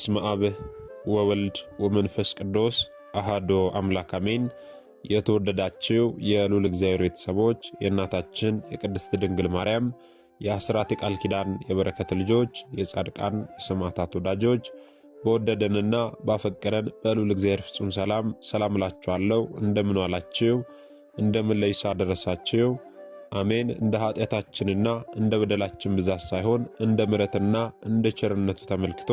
በስመ አብ ወወልድ ወመንፈስ ቅዱስ አሃዶ አምላክ አሜን። የተወደዳችው የሉል እግዚአብሔር ቤተሰቦች የእናታችን የቅድስት ድንግል ማርያም የአስራት የቃል ኪዳን የበረከት ልጆች የጻድቃን የሰማዕታት ወዳጆች በወደደንና ባፈቀረን በሉል እግዚአብሔር ፍጹም ሰላም ሰላም እላችኋለሁ። እንደምን ዋላችሁ? እንደምን ለይሳ ደረሳችሁ? አሜን። እንደ ኃጢአታችንና እንደ በደላችን ብዛት ሳይሆን እንደ ምረትና እንደ ቸርነቱ ተመልክቶ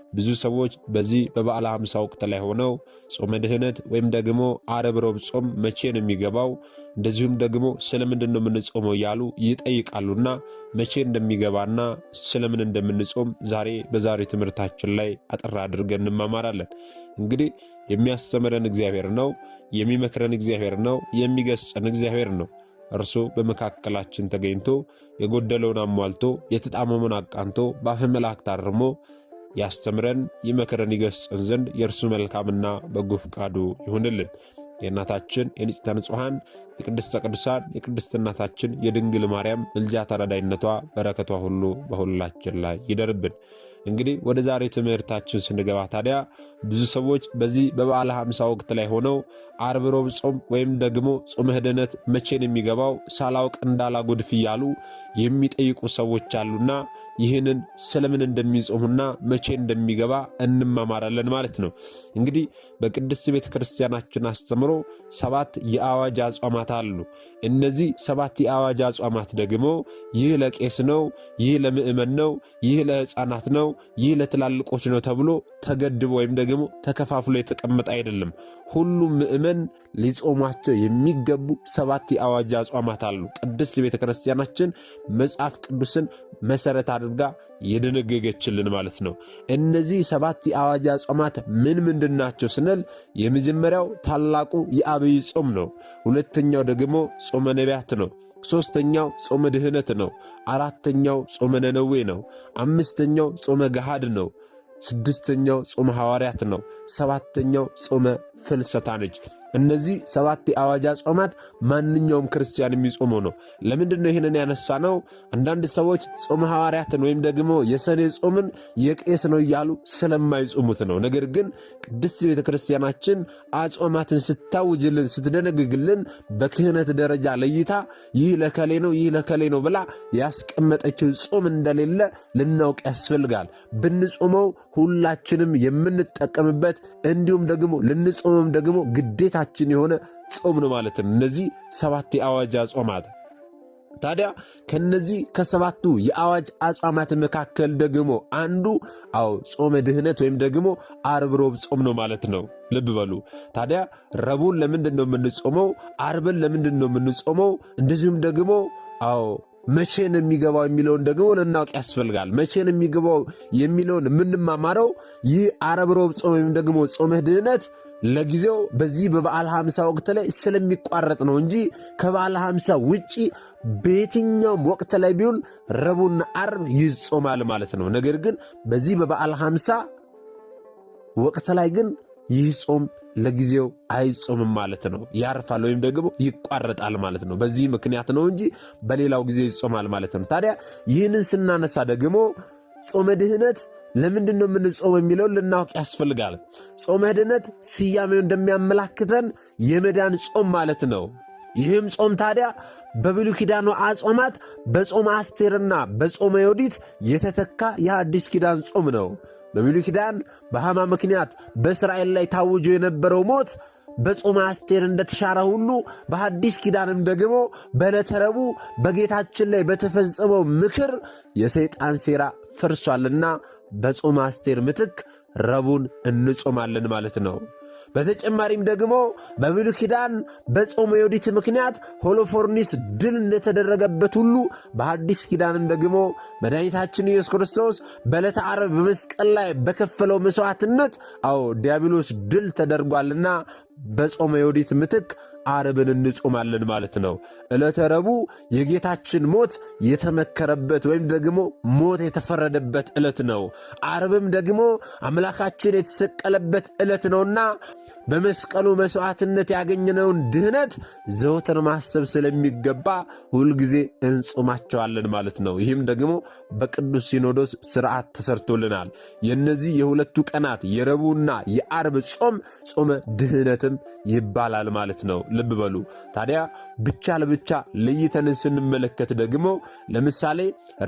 ብዙ ሰዎች በዚህ በበዓለ ሐምሳ ወቅት ላይ ሆነው ጾመ ድህነት ወይም ደግሞ አረብ ሮብ ጾም መቼ ነው የሚገባው፣ እንደዚሁም ደግሞ ስለምንድን ነው የምንጾመው እያሉ ይጠይቃሉና መቼ እንደሚገባና ስለምን እንደምንጾም ዛሬ በዛሬ ትምህርታችን ላይ አጠር አድርገን እንማማራለን። እንግዲህ የሚያስተምረን እግዚአብሔር ነው፣ የሚመክረን እግዚአብሔር ነው፣ የሚገስጸን እግዚአብሔር ነው። እርሱ በመካከላችን ተገኝቶ የጎደለውን አሟልቶ የተጣመመን አቃንቶ በአፈ መላእክት አርሞ ያስተምረን ይመክረን ይገስጸን ዘንድ የእርሱ መልካምና በጎ ፈቃዱ ይሁንልን። የእናታችን የንጽሕተ ንጹሐን የቅድስተ ቅዱሳን የቅድስት እናታችን የድንግል ማርያም ምልጃ ተረዳይነቷ በረከቷ ሁሉ በሁላችን ላይ ይደርብን። እንግዲህ ወደ ዛሬ ትምህርታችን ስንገባ ታዲያ ብዙ ሰዎች በዚህ በበዓለ ሐምሳ ወቅት ላይ ሆነው ዓርብ ሮብ ጾም ወይም ደግሞ ጾመ ድኅነት መቼን የሚገባው ሳላውቅ እንዳላጎድፍ እያሉ የሚጠይቁ ሰዎች አሉና ይህንን ስለምን እንደሚጾሙና መቼ እንደሚገባ እንማማራለን ማለት ነው። እንግዲህ በቅድስት ቤተ ክርስቲያናችን አስተምሮ ሰባት የአዋጅ አጽዋማት አሉ። እነዚህ ሰባት የአዋጅ አጽዋማት ደግሞ ይህ ለቄስ ነው፣ ይህ ለምእመን ነው፣ ይህ ለሕፃናት ነው፣ ይህ ለትላልቆች ነው ተብሎ ተገድቦ ወይም ደግሞ ተከፋፍሎ የተቀመጠ አይደለም። ሁሉም ምእመን ሊጾሟቸው የሚገቡ ሰባት የአዋጅ አጽዋማት አሉ። ቅድስት ቤተ ክርስቲያናችን መጽሐፍ ቅዱስን መሰረት አድርጋ የደነገገችልን ማለት ነው። እነዚህ ሰባት የአዋጅ አጽዋማት ምን ምንድን ናቸው ስንል የመጀመሪያው ታላቁ የአብይ ጾም ነው። ሁለተኛው ደግሞ ጾመ ነቢያት ነው። ሦስተኛው ጾመ ድህነት ነው። አራተኛው ጾመ ነነዌ ነው። አምስተኛው ጾመ ገሃድ ነው። ስድስተኛው ጾመ ሐዋርያት ነው። ሰባተኛው ጾመ ፍልሰታ ነች። እነዚህ ሰባት የአዋጃ ጾማት ማንኛውም ክርስቲያን የሚጾመው ነው። ለምንድን ነው ይህንን ያነሳ ነው? አንዳንድ ሰዎች ጾመ ሐዋርያትን ወይም ደግሞ የሰኔ ጾምን የቄስ ነው እያሉ ስለማይጾሙት ነው። ነገር ግን ቅድስት ቤተ ክርስቲያናችን አጾማትን ስታውጅልን፣ ስትደነግግልን በክህነት ደረጃ ለይታ ይህ ለከሌ ነው፣ ይህ ለከሌ ነው ብላ ያስቀመጠችው ጾም እንደሌለ ልናውቅ ያስፈልጋል። ብንጾመው ሁላችንም የምንጠቀምበት እንዲሁም ደግሞ ልንጾመም ደግሞ ግዴታ የጌታችን የሆነ ጾም ነው ማለት ነው። እነዚህ ሰባት የአዋጅ አጽዋማት ታዲያ ከነዚህ ከሰባቱ የአዋጅ አጽዋማት መካከል ደግሞ አንዱ አዎ ጾመ ድህነት ወይም ደግሞ አርብ ሮብ ጾም ነው ማለት ነው። ልብ በሉ ታዲያ ረቡን ለምንድን ነው የምንጾመው? አርብን ለምንድን ነው የምንጾመው? እንደዚሁም ደግሞ አዎ መቼ ነው የሚገባው የሚለውን ደግሞ ልናውቅ ያስፈልጋል። መቼ ነው የሚገባው የሚለውን የምንማማረው ይህ አርብ ሮብ ጾም ወይም ደግሞ ጾመ ድህነት ለጊዜው በዚህ በበዓል ሀምሳ ወቅት ላይ ስለሚቋረጥ ነው እንጂ ከበዓል ሀምሳ ውጪ በየትኛውም ወቅት ላይ ቢሆን ረቡዕና አርብ ይጾማል ማለት ነው። ነገር ግን በዚህ በበዓል ሀምሳ ወቅት ላይ ግን ይህ ጾም ለጊዜው አይጾምም ማለት ነው። ያርፋል ወይም ደግሞ ይቋረጣል ማለት ነው። በዚህ ምክንያት ነው እንጂ በሌላው ጊዜ ይጾማል ማለት ነው። ታዲያ ይህንን ስናነሳ ደግሞ ጾመ ድህነት ለምንድን ነው የምንጾመው የሚለውን ልናውቅ ያስፈልጋል። ጾመ ድነት ስያሜው እንደሚያመላክተን የመዳን ጾም ማለት ነው። ይህም ጾም ታዲያ በብሉይ ኪዳኑ አጾማት በጾመ አስቴርና በጾመ ዮዲት የተተካ የአዲስ ኪዳን ጾም ነው። በብሉይ ኪዳን በሐማ ምክንያት በእስራኤል ላይ ታውጆ የነበረው ሞት በጾመ አስቴር እንደተሻረ ሁሉ በአዲስ ኪዳንም ደግሞ በዕለተ ረቡዕ በጌታችን ላይ በተፈጸመው ምክር የሰይጣን ሴራ ፈርሷልና በጾም አስቴር ምትክ ረቡን እንጾማለን ማለት ነው። በተጨማሪም ደግሞ በብሉይ ኪዳን በጾመ ዮዲት ምክንያት ሆሎፎርኒስ ድል እንደተደረገበት ሁሉ በአዲስ ኪዳንም ደግሞ መድኃኒታችን ኢየሱስ ክርስቶስ በዕለተ ዓርብ በመስቀል ላይ በከፈለው መሥዋዕትነት አዎ ዲያብሎስ ድል ተደርጓልና በጾመ ዮዲት ምትክ አርብን እንጾማለን ማለት ነው። ዕለተ ረቡዕ የጌታችን ሞት የተመከረበት ወይም ደግሞ ሞት የተፈረደበት ዕለት ነው። አርብም ደግሞ አምላካችን የተሰቀለበት ዕለት ነውና በመስቀሉ መሥዋዕትነት ያገኘነውን ድህነት ዘወትር ማሰብ ስለሚገባ ሁልጊዜ እንጾማቸዋለን ማለት ነው። ይህም ደግሞ በቅዱስ ሲኖዶስ ስርዓት ተሰርቶልናል። የእነዚህ የሁለቱ ቀናት የረቡዕና የአርብ ጾም ጾመ ድህነትም ይባላል ማለት ነው። ልብ በሉ ታዲያ ብቻ ለብቻ ለይተን ስንመለከት ደግሞ ለምሳሌ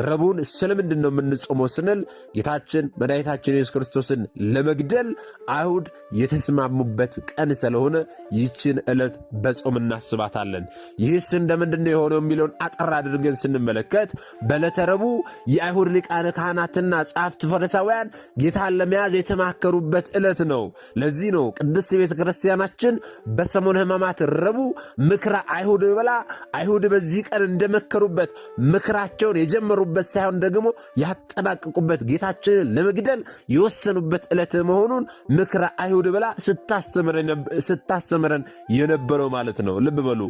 ረቡን ስለምንድን ነው የምንጾመው ስንል ጌታችን መድኃኒታችን ኢየሱስ ክርስቶስን ለመግደል አይሁድ የተስማሙበት ቀን ስለሆነ ይህችን ዕለት በጾም እናስባታለን። ይህስ እንደምንድን ነው የሆነው የሚለውን አጠር አድርገን ስንመለከት በዕለተ ረቡዕ የአይሁድ ሊቃነ ካህናትና ጸሐፍት ፈሪሳውያን ጌታን ለመያዝ የተማከሩበት ዕለት ነው። ለዚህ ነው ቅድስት ቤተ ክርስቲያናችን በሰሙነ ሕማማት ረቡዕ ምክረ አይሁድ ብላ አይሁድ በዚህ ቀን እንደመከሩበት ምክራቸውን የጀመሩበት ሳይሆን ደግሞ ያጠናቅቁበት ጌታችንን ለመግደል የወሰኑበት ዕለት መሆኑን ምክረ አይሁድ ብላ ስታስተምረን የነበረው ማለት ነው። ልብ በሉ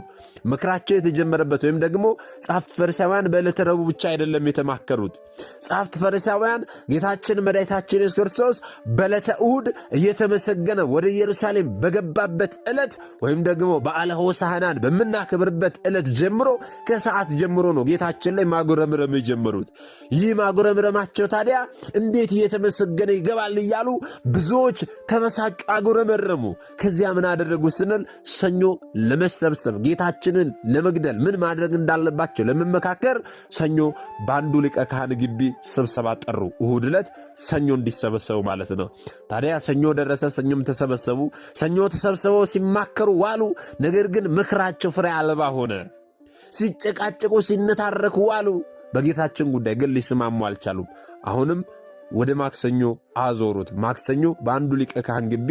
ምክራቸው የተጀመረበት ወይም ደግሞ ጸሐፍት ፈሪሳውያን በዕለተ ረቡዕ ብቻ አይደለም የተማከሩት። ጸሐፍት ፈሪሳውያን ጌታችን መድኃኒታችን ኢየሱስ ክርስቶስ በዕለተ እሑድ እየተመሰገነ ወደ ኢየሩሳሌም በገባበት ዕለት ወይም ደግሞ በዓለ ሆሳዕናን በምናክብ ከሚያከብርበት ዕለት ጀምሮ ከሰዓት ጀምሮ ነው ጌታችን ላይ ማጉረምረም የጀመሩት። ይህ ማጉረምረማቸው ታዲያ እንዴት እየተመሰገነ ይገባል እያሉ ብዙዎች ተበሳጩ፣ አጉረመረሙ። ከዚያ ምን አደረጉ ስንል ሰኞ ለመሰብሰብ ጌታችንን ለመግደል ምን ማድረግ እንዳለባቸው ለመመካከር ሰኞ በአንዱ ሊቀ ካህን ግቢ ስብሰባ ጠሩ። እሁድ ዕለት ሰኞ እንዲሰበሰቡ ማለት ነው። ታዲያ ሰኞ ደረሰ። ሰኞም ተሰበሰቡ። ሰኞ ተሰብስበው ሲማከሩ ዋሉ። ነገር ግን ምክራቸው ፍሬ አልባ ሆነ። ሲጨቃጨቁ ሲነታረኩ አሉ። በጌታችን ጉዳይ ግን ሊስማሙ አልቻሉም። አሁንም ወደ ማክሰኞ አዞሩት። ማክሰኞ በአንዱ ሊቀ ካህን ግቢ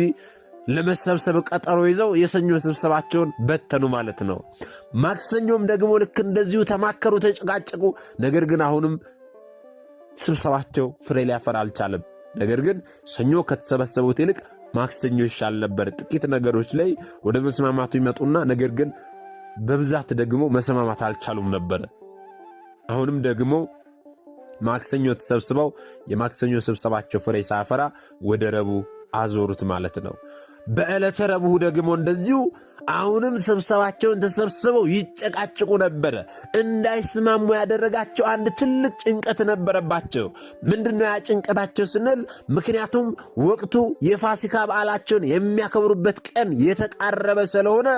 ለመሰብሰብ ቀጠሮ ይዘው የሰኞ ስብሰባቸውን በተኑ ማለት ነው። ማክሰኞም ደግሞ ልክ እንደዚሁ ተማከሩ፣ ተጨቃጨቁ። ነገር ግን አሁንም ስብሰባቸው ፍሬ ሊያፈራ አልቻለም። ነገር ግን ሰኞ ከተሰበሰቡት ይልቅ ማክሰኞ ይሻል ነበር። ጥቂት ነገሮች ላይ ወደ መስማማቱ ይመጡና ነገር ግን በብዛት ደግሞ መሰማማት አልቻሉም ነበረ። አሁንም ደግሞ ማክሰኞ ተሰብስበው የማክሰኞ ስብሰባቸው ፍሬ ሳፈራ ወደ ረቡዕ አዞሩት ማለት ነው። በዕለተ ረቡዕ ደግሞ እንደዚሁ አሁንም ስብሰባቸውን ተሰብስበው ይጨቃጭቁ ነበረ። እንዳይስማሙ ያደረጋቸው አንድ ትልቅ ጭንቀት ነበረባቸው። ምንድነው ያ ጭንቀታቸው ስንል፣ ምክንያቱም ወቅቱ የፋሲካ በዓላቸውን የሚያከብሩበት ቀን የተቃረበ ስለሆነ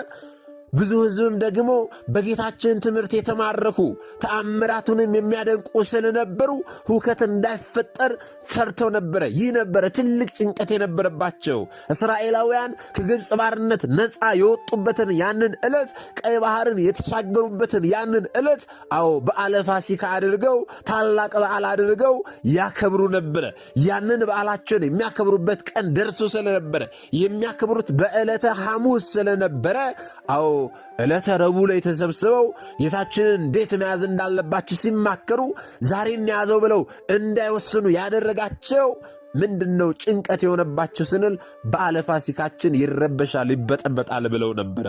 ብዙ ሕዝብም ደግሞ በጌታችን ትምህርት የተማረኩ ተአምራቱንም የሚያደንቁ ስለነበሩ ሁከት እንዳይፈጠር ፈርተው ነበረ። ይህ ነበረ ትልቅ ጭንቀት የነበረባቸው። እስራኤላውያን ከግብፅ ባርነት ነፃ የወጡበትን ያንን ዕለት፣ ቀይ ባህርን የተሻገሩበትን ያንን ዕለት፣ አዎ በዓለ ፋሲካ አድርገው ታላቅ በዓል አድርገው ያከብሩ ነበረ። ያንን በዓላቸውን የሚያከብሩበት ቀን ደርሶ ስለነበረ የሚያከብሩት በዕለተ ሐሙስ ስለነበረ አዎ ዕለተ ረቡዕ ላይ ተሰብስበው ጌታችንን እንዴት መያዝ እንዳለባቸው ሲማከሩ ዛሬን እንያዘው ብለው እንዳይወስኑ ያደረጋቸው ምንድን ነው ጭንቀት የሆነባቸው ስንል በዓለ ፋሲካችን ይረበሻል፣ ይበጠበጣል ብለው ነበረ።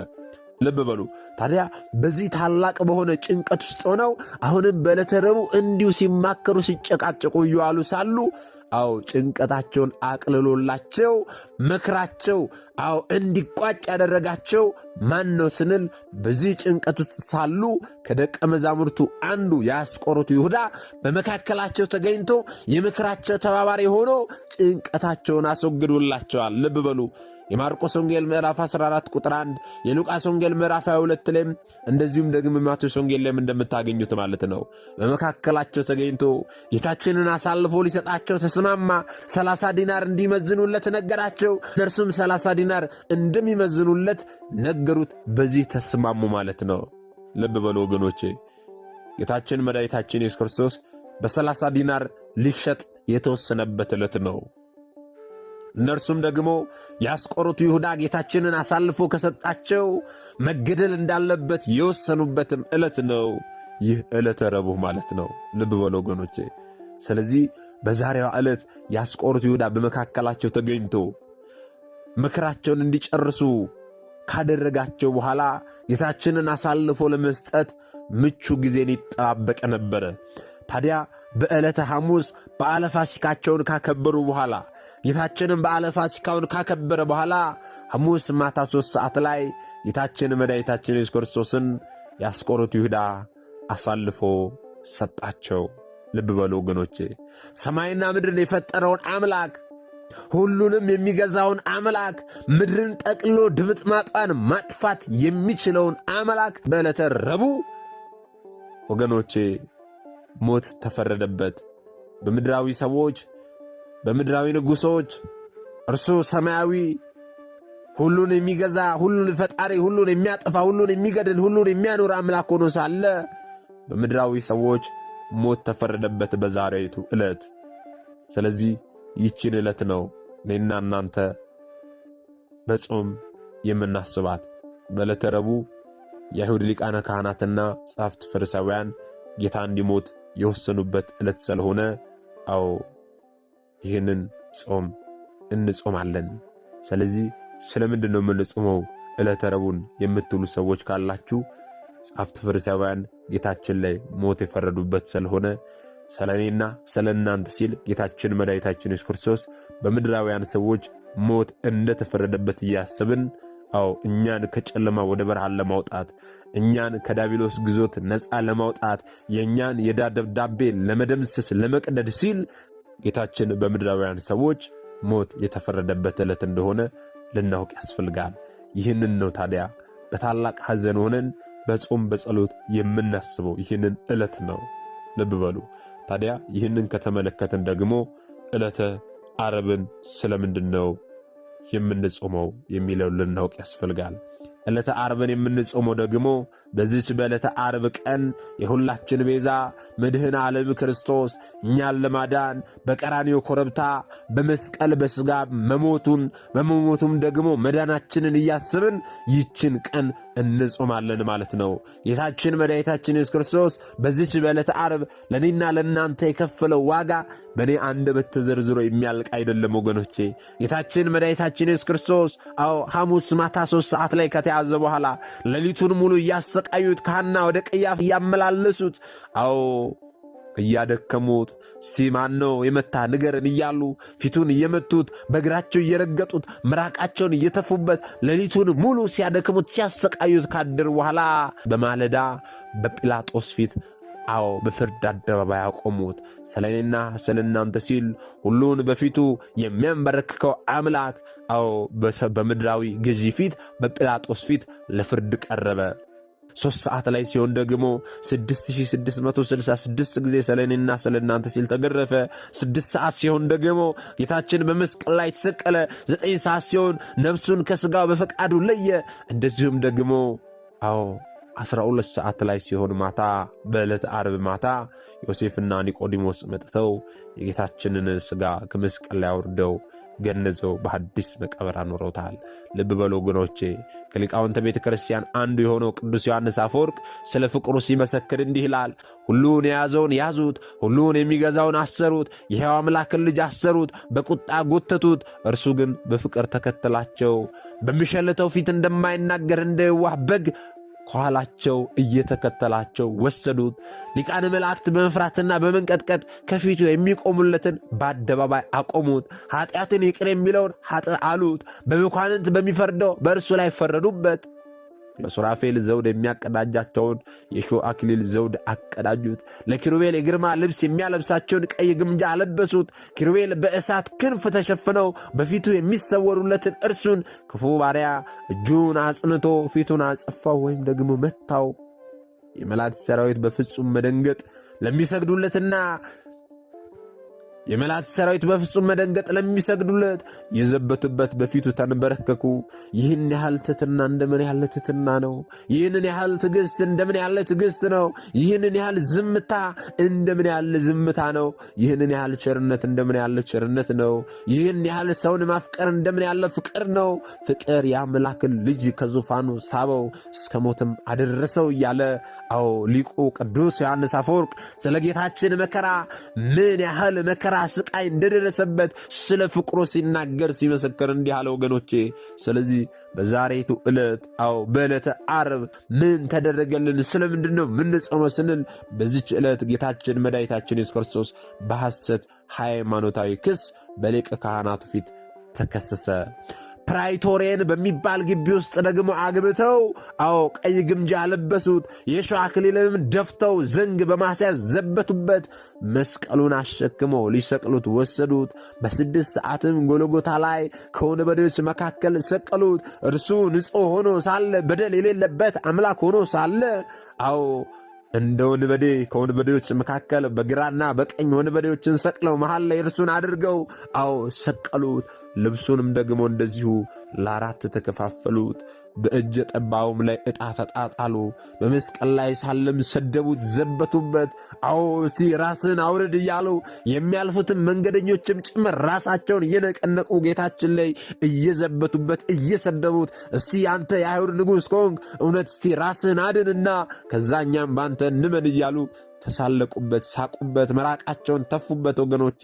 ልብ በሉ ታዲያ በዚህ ታላቅ በሆነ ጭንቀት ውስጥ ሆነው አሁንም በዕለተ ረቡዕ እንዲሁ ሲማከሩ ሲጨቃጨቁ እየዋሉ ሳሉ አዎ ጭንቀታቸውን አቅልሎላቸው ምክራቸው አዎ እንዲቋጭ ያደረጋቸው ማን ነው ስንል በዚህ ጭንቀት ውስጥ ሳሉ ከደቀ መዛሙርቱ አንዱ የአስቆሮቱ ይሁዳ በመካከላቸው ተገኝቶ የምክራቸው ተባባሪ ሆኖ ጭንቀታቸውን አስወግዶላቸዋል። ልብ በሉ። የማርቆስ ወንጌል ምዕራፍ 14 ቁጥር 1 የሉቃስ ወንጌል ምዕራፍ 22 ላይም እንደዚሁም ደግሞ የማቴዎስ ወንጌል ላይም እንደምታገኙት ማለት ነው። በመካከላቸው ተገኝቶ ጌታችንን አሳልፎ ሊሰጣቸው ተስማማ። 30 ዲናር እንዲመዝኑለት ነገራቸው። እነርሱም 30 ዲናር እንደሚመዝኑለት ነገሩት። በዚህ ተስማሙ ማለት ነው። ልብ በሉ ወገኖቼ ጌታችን መድኃኒታችን ኢየሱስ ክርስቶስ በ30 ዲናር ሊሸጥ የተወሰነበት ዕለት ነው። እነርሱም ደግሞ የአስቆሮቱ ይሁዳ ጌታችንን አሳልፎ ከሰጣቸው መገደል እንዳለበት የወሰኑበትም ዕለት ነው። ይህ ዕለተ ረቡዕ ማለት ነው። ልብ በሉ ወገኖቼ። ስለዚህ በዛሬዋ ዕለት የአስቆሮቱ ይሁዳ በመካከላቸው ተገኝቶ ምክራቸውን እንዲጨርሱ ካደረጋቸው በኋላ ጌታችንን አሳልፎ ለመስጠት ምቹ ጊዜን ይጠባበቀ ነበረ። ታዲያ በዕለተ ሐሙስ በዓለ ፋሲካቸውን ካከበሩ በኋላ ጌታችንም በዓለ ፋሲካውን ካከበረ በኋላ ሐሙስ ማታ ሦስት ሰዓት ላይ ጌታችን መድኃኒታችን ኢየሱስ ክርስቶስን ያስቆሮቱ ይሁዳ አሳልፎ ሰጣቸው። ልብ በሉ ወገኖቼ፣ ሰማይና ምድርን የፈጠረውን አምላክ ሁሉንም የሚገዛውን አምላክ ምድርን ጠቅሎ ድምጥማጧን ማጥፋት የሚችለውን አምላክ በዕለተ ረቡዕ ወገኖቼ ሞት ተፈረደበት። በምድራዊ ሰዎች፣ በምድራዊ ንጉሶች እርሱ ሰማያዊ ሁሉን የሚገዛ ሁሉን ፈጣሪ ሁሉን የሚያጠፋ ሁሉን የሚገድል ሁሉን የሚያኖር አምላክ ሆኖ ሳለ በምድራዊ ሰዎች ሞት ተፈረደበት በዛሬቱ ዕለት። ስለዚህ ይችን ዕለት ነው እኔና እናንተ በጾም የምናስባት። በዕለተ ረቡዕ የአይሁድ ሊቃነ ካህናትና ጸሐፍት ፈሪሳውያን ጌታ እንዲሞት የወሰኑበት ዕለት ስለሆነ አዎ ይህንን ጾም እንጾማለን። ስለዚህ ስለምንድን ነው የምንጾመው ዕለተ ረቡዕን የምትውሉ ሰዎች ካላችሁ ጻፍት ፈሪሳውያን ጌታችን ላይ ሞት የፈረዱበት ስለሆነ ስለ እኔና ስለ እናንተ ሲል ጌታችን መድኃኒታችን ኢየሱስ ክርስቶስ በምድራውያን ሰዎች ሞት እንደተፈረደበት እያስብን አዎ እኛን ከጨለማ ወደ ብርሃን ለማውጣት እኛን ከዳቢሎስ ግዞት ነፃ ለማውጣት የእኛን የዕዳ ደብዳቤ ለመደምሰስ ለመቅደድ ሲል ጌታችን በምድራውያን ሰዎች ሞት የተፈረደበት ዕለት እንደሆነ ልናውቅ ያስፈልጋል። ይህንን ነው ታዲያ በታላቅ ሐዘን ሆነን በጾም በጸሎት የምናስበው ይህንን ዕለት ነው። ልብ በሉ ታዲያ ይህንን ከተመለከትን ደግሞ ዕለተ ዓርብን ስለምንድን ነው የምንጾመው የሚለው ልናውቅ ያስፈልጋል። ዕለተ ዓርብን የምንጾመው ደግሞ በዚች በዕለተ ዓርብ ቀን የሁላችን ቤዛ መድህን ዓለም ክርስቶስ እኛን ለማዳን በቀራኒዮ ኮረብታ በመስቀል በሥጋ መሞቱን በመሞቱም ደግሞ መዳናችንን እያስብን ይችን ቀን እንጾማለን ማለት ነው። ጌታችን መድኃኒታችን ኢየሱስ ክርስቶስ በዚች በዕለተ ዓርብ ለእኔና ለእናንተ የከፈለው ዋጋ በእኔ አንደበት ተዘርዝሮ የሚያልቅ አይደለም ወገኖቼ። ጌታችን መድኃኒታችን ኢየሱስ ክርስቶስ አዎ ሐሙስ ማታ ሶስት ሰዓት ላይ ከተያዘ በኋላ ሌሊቱን ሙሉ እያሰቃዩት ከሐና ወደ ቀያፋ እያመላለሱት አዎ እያደከሙት ሲማን ነው የመታ ንገረን እያሉ ፊቱን እየመቱት በእግራቸው እየረገጡት ምራቃቸውን እየተፉበት ሌሊቱን ሙሉ ሲያደክሙት ሲያሰቃዩት ካደር በኋላ በማለዳ በጲላጦስ ፊት አዎ በፍርድ አደባባይ ያቆሙት ስለ እኔና ስለ እናንተ ሲል ሁሉን በፊቱ የሚያንበረክከው አምላክ አዎ በምድራዊ ገዢ ፊት በጲላጦስ ፊት ለፍርድ ቀረበ። ሶስት ሰዓት ላይ ሲሆን ደግሞ 6666 ጊዜ ስለ እኔና ስለ እናንተ ሲል ተገረፈ። ስድስት ሰዓት ሲሆን ደግሞ ጌታችን በመስቀል ላይ ተሰቀለ። ዘጠኝ ሰዓት ሲሆን ነፍሱን ከስጋው በፈቃዱ ለየ። እንደዚሁም ደግሞ አዎ 12 ሰዓት ላይ ሲሆን ማታ በዕለት ዓርብ ማታ ዮሴፍና ኒቆዲሞስ መጥተው የጌታችንን ስጋ ከመስቀል ላይ አውርደው ገነዘው በአዲስ መቃብር አኖረውታል። ልብ በሉ ወገኖቼ ከሊቃውንተ ቤተ ክርስቲያን አንዱ የሆነው ቅዱስ ዮሐንስ አፈወርቅ ስለ ፍቅሩ ሲመሰክር እንዲህ ይላል። ሁሉን የያዘውን ያዙት፣ ሁሉን የሚገዛውን አሰሩት፣ የሕያው አምላክን ልጅ አሰሩት፣ በቁጣ ጎተቱት። እርሱ ግን በፍቅር ተከተላቸው። በሚሸልተው ፊት እንደማይናገር እንደ የዋህ በግ ከኋላቸው እየተከተላቸው ወሰዱት። ሊቃነ መላእክት በመፍራትና በመንቀጥቀጥ ከፊቱ የሚቆሙለትን በአደባባይ አቆሙት። ኃጢአትን ይቅር የሚለውን ኃጥእ አሉት። በመኳንንት በሚፈርደው በእርሱ ላይ ፈረዱበት። በሱራፌል ዘውድ የሚያቀዳጃቸውን የሾህ አክሊል ዘውድ አቀዳጁት። ለኪሩቤል የግርማ ልብስ የሚያለብሳቸውን ቀይ ግምጃ አለበሱት። ኪሩቤል በእሳት ክንፍ ተሸፍነው በፊቱ የሚሰወሩለትን እርሱን ክፉ ባሪያ እጁን አጽንቶ ፊቱን አጸፋው ወይም ደግሞ መታው። የመላእክት ሰራዊት በፍጹም መደንገጥ ለሚሰግዱለትና የመላእክት ሰራዊት በፍጹም መደንገጥ ለሚሰግዱለት የዘበቱበት በፊቱ ተንበረከኩ። ይህን ያህል ትትና እንደምን ያለ ትትና ነው! ይህንን ያህል ትዕግስት እንደምን ያለ ትዕግሥት ነው! ይህንን ያህል ዝምታ እንደምን ያለ ዝምታ ነው! ይህንን ያህል ቸርነት እንደምን ያለ ቸርነት ነው! ይህን ያህል ሰውን ማፍቀር እንደምን ያለ ፍቅር ነው! ፍቅር የአምላክን ልጅ ከዙፋኑ ሳበው እስከ ሞትም አደረሰው እያለ አዎ ሊቁ ቅዱስ ዮሐንስ አፈወርቅ ስለ ጌታችን መከራ ምን ያህል መከራ መከራ፣ ስቃይ እንደደረሰበት ስለ ፍቅሩ ሲናገር ሲመሰክር እንዲህ አለ ወገኖቼ። ስለዚህ በዛሬቱ ዕለት አዎ በዕለተ ዓርብ ምን ተደረገልን? ስለምንድን ነው ስንል በዚች ዕለት ጌታችን መድኃኒታችን ኢየሱስ ክርስቶስ በሐሰት ሃይማኖታዊ ክስ በሊቀ ካህናቱ ፊት ተከሰሰ። ፕራይቶሬን በሚባል ግቢ ውስጥ ደግሞ አግብተው፣ አዎ ቀይ ግምጃ ለበሱት። የሸዋ አክሊልንም ደፍተው ዘንግ በማስያዝ ዘበቱበት። መስቀሉን አሸክመው ሊሰቅሉት ወሰዱት። በስድስት ሰዓትም ጎልጎታ ላይ ከወንበዴዎች መካከል ሰቀሉት። እርሱ ንጹሕ ሆኖ ሳለ በደል የሌለበት አምላክ ሆኖ ሳለ አዎ እንደ ወንበዴ ከወንበዴዎች መካከል በግራና በቀኝ ወንበዴዎችን ሰቅለው መሃል ላይ እርሱን አድርገው አዎ ሰቀሉት። ልብሱንም ደግሞ እንደዚሁ ለአራት ተከፋፈሉት። በእጀ ጠባውም ላይ ዕጣ ተጣጣሉ። በመስቀል ላይ ሳለም ሰደቡት፣ ዘበቱበት። አዎ እስቲ ራስን አውርድ እያሉ የሚያልፉትም መንገደኞችም ጭምር ራሳቸውን እየነቀነቁ ጌታችን ላይ እየዘበቱበት፣ እየሰደቡት እስቲ አንተ የአይሁድ ንጉሥ ከሆንክ እውነት እስቲ ራስን አድንና ከዛኛም በአንተ እንመን እያሉ ተሳለቁበት፣ ሳቁበት፣ መራቃቸውን ተፉበት። ወገኖቼ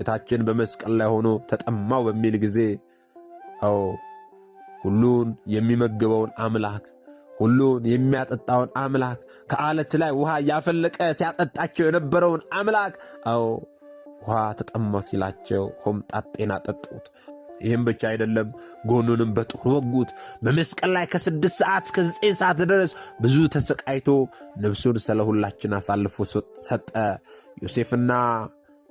ጌታችን በመስቀል ላይ ሆኖ ተጠማው በሚል ጊዜ አዎ ሁሉን የሚመግበውን አምላክ ሁሉን የሚያጠጣውን አምላክ ከአለት ላይ ውሃ እያፈለቀ ሲያጠጣቸው የነበረውን አምላክ አዎ ውሃ ተጠማው ሲላቸው ሆምጣጤና ጠጡት። ይህም ብቻ አይደለም፣ ጎኑንም በጦር ወጉት። በመስቀል ላይ ከስድስት ሰዓት እስከ ዘጠኝ ሰዓት ድረስ ብዙ ተሰቃይቶ ነፍሱን ስለ ሁላችን አሳልፎ ሰጠ። ዮሴፍና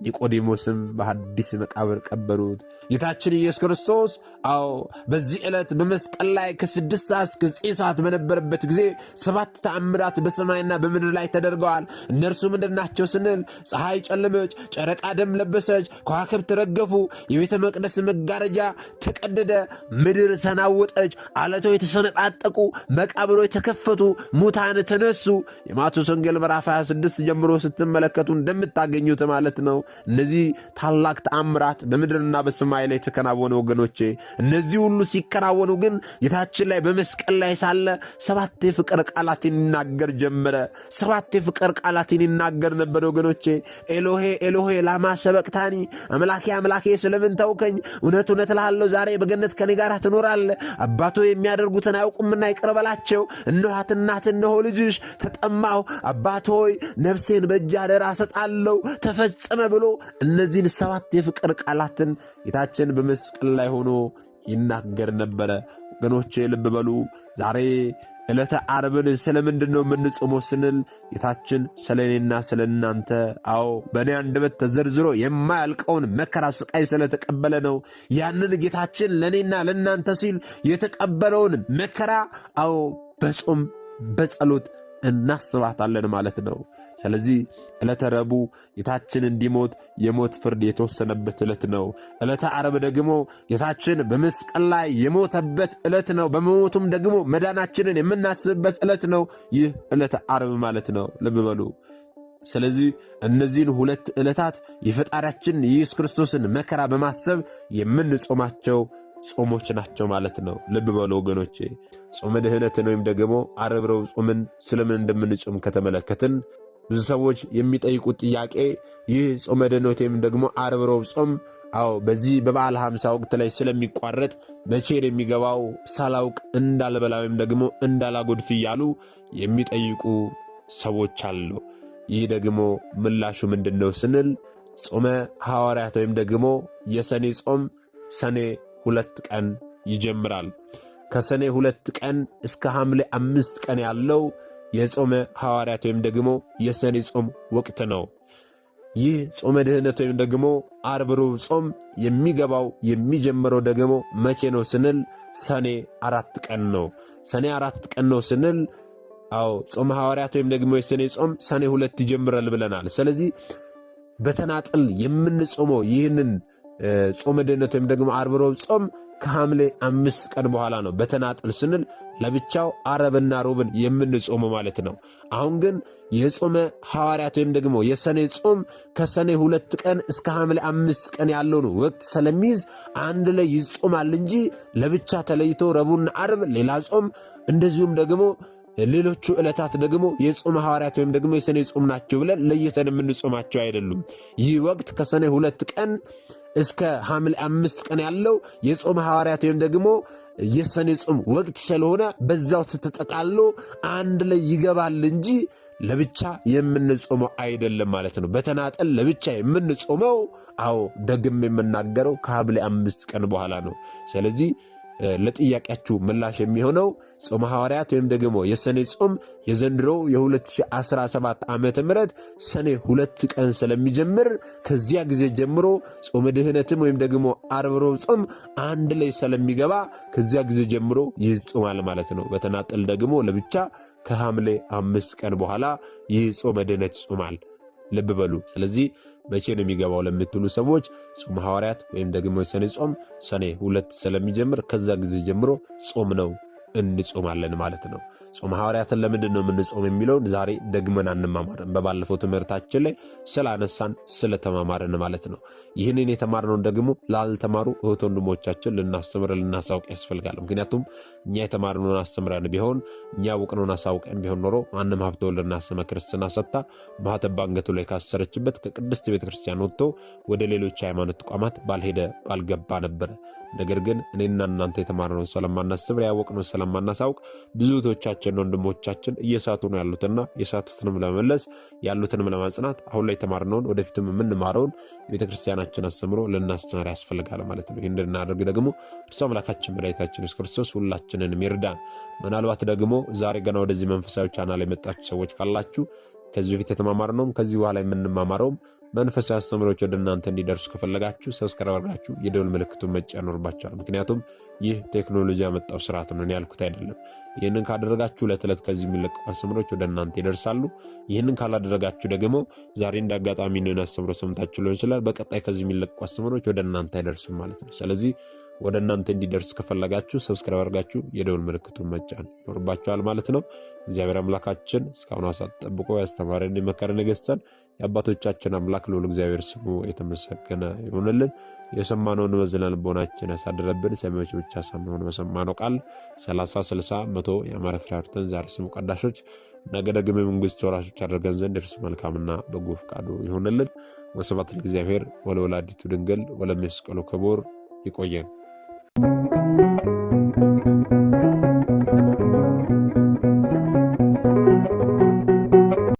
ኒቆዲሞስም በአዲስ መቃብር ቀበሩት። ጌታችን ኢየሱስ ክርስቶስ አዎ በዚህ ዕለት በመስቀል ላይ ከስድስት ሰዓት እስከ ዘጠኝ ሰዓት በነበረበት ጊዜ ሰባት ተአምራት በሰማይና በምድር ላይ ተደርገዋል። እነርሱ ምንድን ናቸው ስንል ፀሐይ ጨለመች፣ ጨረቃ ደም ለበሰች፣ ከዋክብት ረገፉ፣ የቤተ መቅደስ መጋረጃ ተቀደደ፣ ምድር ተናወጠች፣ አለቶች የተሰነጣጠቁ፣ መቃብሮች ተከፈቱ፣ ሙታን ተነሱ። የማቴዎስ ወንጌል ምዕራፍ 26 ጀምሮ ስትመለከቱ እንደምታገኙት ማለት ነው። እነዚህ ታላቅ ተአምራት በምድርና በሰማይ ላይ ተከናወኑ። ወገኖቼ እነዚህ ሁሉ ሲከናወኑ ግን ጌታችን ላይ በመስቀል ላይ ሳለ ሰባት የፍቅር ቃላትን ይናገር ጀመረ። ሰባት የፍቅር ቃላትን ይናገር ነበር። ወገኖቼ ኤሎሄ ኤሎሄ ላማ ሰበቅታኒ፣ አምላኬ አምላኬ ስለምን ተውከኝ? እውነት እውነት እልሃለሁ ዛሬ በገነት ከኔ ጋር ትኖራለ። አባቶ የሚያደርጉትን አያውቁምና ይቅር በላቸው። እነኋት እናት፣ እነሆ ልጅሽ። ተጠማሁ አባቶ ሆይ ነፍሴን በእጅህ አደራ እሰጣለሁ ተፈጸመ ብሎ እነዚህን ሰባት የፍቅር ቃላትን ጌታችን በመስቀል ላይ ሆኖ ይናገር ነበረ። ወገኖቼ ልብ በሉ። ዛሬ ዕለተ ዓርብን ስለምንድን ነው የምንጾመው ስንል ጌታችን ስለ እኔና ስለ እናንተ፣ አዎ በእኔ አንደበት ተዘርዝሮ የማያልቀውን መከራ ስቃይ ስለተቀበለ ነው። ያንን ጌታችን ለእኔና ለእናንተ ሲል የተቀበለውን መከራ አዎ በጾም በጸሎት እናስባታለን ማለት ነው። ስለዚህ ዕለተ ረቡዕ ጌታችን እንዲሞት የሞት ፍርድ የተወሰነበት ዕለት ነው። ዕለተ ዓርብ ደግሞ ጌታችን በመስቀል ላይ የሞተበት ዕለት ነው። በመሞቱም ደግሞ መዳናችንን የምናስብበት ዕለት ነው። ይህ ዕለተ ዓርብ ማለት ነው። ልብ በሉ። ስለዚህ እነዚህን ሁለት ዕለታት የፈጣሪያችን የኢየሱስ ክርስቶስን መከራ በማሰብ የምንጾማቸው ጾሞች ናቸው ማለት ነው። ልብ በሉ ወገኖቼ ጾመ ድህነትን ወይም ደግሞ ዓርብ፣ ረቡዕ ጾምን ስለምን እንደምንጾም ከተመለከትን ብዙ ሰዎች የሚጠይቁት ጥያቄ ይህ ጾመ ደኖት ወይም ደግሞ ዓርብ ሮብ ጾም አዎ በዚህ በበዓል ሀምሳ ወቅት ላይ ስለሚቋረጥ መቼን የሚገባው ሳላውቅ እንዳልበላ ወይም ደግሞ እንዳላጎድፍ እያሉ የሚጠይቁ ሰዎች አሉ። ይህ ደግሞ ምላሹ ምንድን ነው ስንል ጾመ ሐዋርያት ወይም ደግሞ የሰኔ ጾም ሰኔ ሁለት ቀን ይጀምራል። ከሰኔ ሁለት ቀን እስከ ሐምሌ አምስት ቀን ያለው የጾመ ሐዋርያት ወይም ደግሞ የሰኔ ጾም ወቅት ነው። ይህ ጾመ ድህነት ወይም ደግሞ አርብ ጾም የሚገባው የሚጀምረው ደግሞ መቼ ነው ስንል ሰኔ አራት ቀን ነው። ሰኔ አራት ቀን ነው ስንል አዎ ጾመ ሐዋርያት ወይም ደግሞ የሰኔ ጾም ሰኔ ሁለት ይጀምራል ብለናል። ስለዚህ በተናጥል የምንጾመው ይህንን ጾመ ድህነት ወይም ደግሞ አርብ ሮብ ጾም ከሐምሌ አምስት ቀን በኋላ ነው። በተናጠል ስንል ለብቻው አረብና ሮብን የምንጾሙ ማለት ነው። አሁን ግን የጾመ ሐዋርያት ወይም ደግሞ የሰኔ ጾም ከሰኔ ሁለት ቀን እስከ ሐምሌ አምስት ቀን ያለውን ወቅት ስለሚይዝ አንድ ላይ ይጾማል እንጂ ለብቻ ተለይቶ ረቡና አርብ ሌላ ጾም እንደዚሁም ደግሞ ሌሎቹ ዕለታት ደግሞ የጾም ሐዋርያት ወይም ደግሞ የሰኔ ጾም ናቸው ብለን ለይተን የምንጾማቸው አይደሉም። ይህ ወቅት ከሰኔ ሁለት ቀን እስከ ሐምሌ አምስት ቀን ያለው የጾም ሐዋርያት ወይም ደግሞ የሰኔ ጾም ወቅት ስለሆነ በዛው ተጠቃሎ አንድ ላይ ይገባል እንጂ ለብቻ የምንጾመው አይደለም ማለት ነው። በተናጠል ለብቻ የምንጾመው አዎ፣ ደግም የምናገረው ከሐምሌ አምስት ቀን በኋላ ነው። ስለዚህ ለጥያቄያችሁ ምላሽ የሚሆነው ጾመ ሐዋርያት ወይም ደግሞ የሰኔ ጾም የዘንድሮ የ2017 ዓመተ ምህረት ሰኔ ሁለት ቀን ስለሚጀምር ከዚያ ጊዜ ጀምሮ ጾመ ድህነትም ወይም ደግሞ አርብሮ ጾም አንድ ላይ ስለሚገባ ከዚያ ጊዜ ጀምሮ ይጾማል ማለት ነው። በተናጠል ደግሞ ለብቻ ከሐምሌ አምስት ቀን በኋላ ይህ ጾመ ድህነት ይጾማል። ልብ በሉ። ስለዚህ መቼ ነው የሚገባው ለምትሉ ሰዎች ጾመ ሐዋርያት ወይም ደግሞ የሰኔ ጾም ሰኔ ሁለት ስለሚጀምር ከዛ ጊዜ ጀምሮ ጾም ነው እንጾማለን ማለት ነው። ጾመ ሐዋርያትን ለምንድን ነው የምንጾም የሚለውን ዛሬ ደግመን አንማማርም። በባለፈው ትምህርታችን ላይ ስላነሳን ስለተማማርን ማለት ነው። ይህንን የተማርነውን ደግሞ ላልተማሩ እህት ወንድሞቻችን ልናስተምር ልናሳውቅ ያስፈልጋል። ምክንያቱም እኛ የተማርነውን አስተምረን ቢሆን እኛ ያወቅነውን አሳውቀን ቢሆን ኖሮ ማንም ሀብተ ወልድና ስመ ክርስትና ሰጥታ ማኅተብ በአንገቱ ላይ ካሰረችበት ከቅድስት ቤተክርስቲያን ወጥቶ ወደ ሌሎች ሃይማኖት ተቋማት ባልሄደ ባልገባ ነበረ። ነገር ግን እኔና እናንተ የተማርነውን ስለማናስተምር ያወቅነውን ስለማናሳውቅ ብዙቶቻ እህቶቻችን ወንድሞቻችን እየሳቱ ነው ያሉትና የሳቱትንም ለመመለስ ያሉትንም ለማጽናት አሁን ላይ የተማርነውን ወደፊትም የምንማረውን ቤተክርስቲያናችን አስተምሮ ልናስተናር ያስፈልጋል ማለት ነው። ይህ እንድናደርግ ደግሞ እርሱ አምላካችን መድኃኒታችን ኢየሱስ ክርስቶስ ሁላችንንም ይርዳን። ምናልባት ደግሞ ዛሬ ገና ወደዚህ መንፈሳዊ ቻናል የመጣችሁ ሰዎች ካላችሁ ከዚህ በፊት የተማማርነውም ከዚህ በኋላ የምንማማረውም መንፈሳዊ አስተምሮች ወደ እናንተ እንዲደርሱ ከፈለጋችሁ ሰብስክራይብ አድርጋችሁ የደውል ምልክቱን መጫን ይኖርባችኋል። ምክንያቱም ይህ ቴክኖሎጂ ያመጣው ስርዓት ነው፣ ያልኩት አይደለም። ይህንን ካደረጋችሁ ዕለት ዕለት ከዚህ የሚለቀቁ አስተምሮች ወደ እናንተ ይደርሳሉ። ይህንን ካላደረጋችሁ ደግሞ ዛሬ እንደ አጋጣሚ ነን አስተምሮ ሰምታችሁ ሊሆን ይችላል፣ በቀጣይ ከዚህ የሚለቀቁ አስተምሮች ወደ እናንተ አይደርሱም ማለት ነው። ስለዚህ ወደ እናንተ እንዲደርስ ከፈለጋችሁ ሰብስክራይብ አድርጋችሁ የደውል ምልክቱን መጫን ይኖርባችኋል ማለት ነው። እግዚአብሔር አምላካችን እስካሁን ሰዓት ጠብቆ ያስተማረን የመከረን የገሰጸን የአባቶቻችን አምላክ ልዑል እግዚአብሔር ስሙ የተመሰገነ ይሁንልን። የሰማነውን በዝነ ልቦናችን ያሳደረብን ሰሚዎች ብቻ ሳንሆን በሰማነው ቃል ሰላሳ ስልሳ መቶ የአማረ ፍሬ አፍርተን ዛሬ ስሙ ቀዳሾች ነገ ደግሞ የመንግሥት ወራሾች አድርገን ዘንድ እርሱ መልካምና በጎ ፈቃዱ ይሁንልን። ወስብሐት ለእግዚአብሔር ወለወላዲቱ ድንግል ወለመስቀሉ ክቡር። ይቆየን።